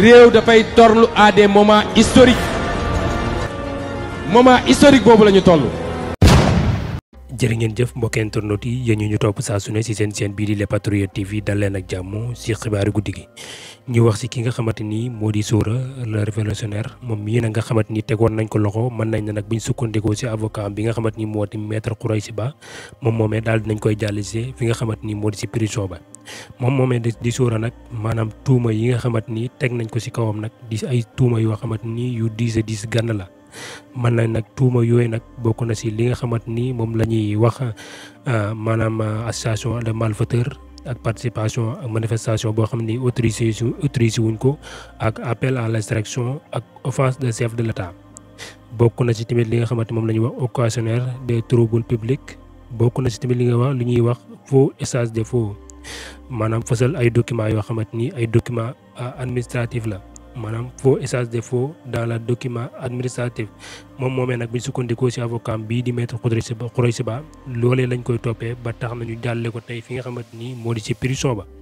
réew dafay torlu à des moments historiques moment historique boobu la ñu toll. jërë ngeen jëf mbokki internet yi yéen ñu ñu topp saa su ne si seen seen bii di les Patriotes TV dal leen ak jàmm si xibaaru guddi gi ñu wax si ki nga xamante ni moo di Sora le révolutionnaire moom mii nga xamante ni tegoon nañ ko loxo mën nañ ne nag buñ sukkandiku si avocat bi nga xamante ni moo di maître Khouraïchi Ba moom moomee daal dinañ koy jàllale si fi nga xamante ni moo di si prison ba. moom moomee di suura nag maanaam tuuma yi nga xamante nii teg nañ ko ci kawam nag di ay tuuma yoo xamante nii yu diis a diis gànn la. man na nag tuuma yooyu nag bokk na ci li nga xamante nii moom la ñuy wax euh, maanaam euh, association de malfaiteurs ak participation manifestation boo xam ni autorisé autorisé wuñ ko ak appel à l'instruction ak offense de chef de l'État bokk na ci tamit li nga xamante moom la ñuy wax occasionnaire des troubles publics bokk na ci tamit li nga wax lu ñuy wax faux essage de faux maanaam fësal ay documents yoo xamante ni ay documents euh, administratifs la maanaam faux échange de faux dans le document administratif moom moomee nag bi sukkandiku sukkandikoo ci avocat bii di maître Khoureyssi Ba Khoureyssi Ba loolee lañ koy toppee ba tax nañu jàlle ko tey fi nga xamante ni moo di ci prison ba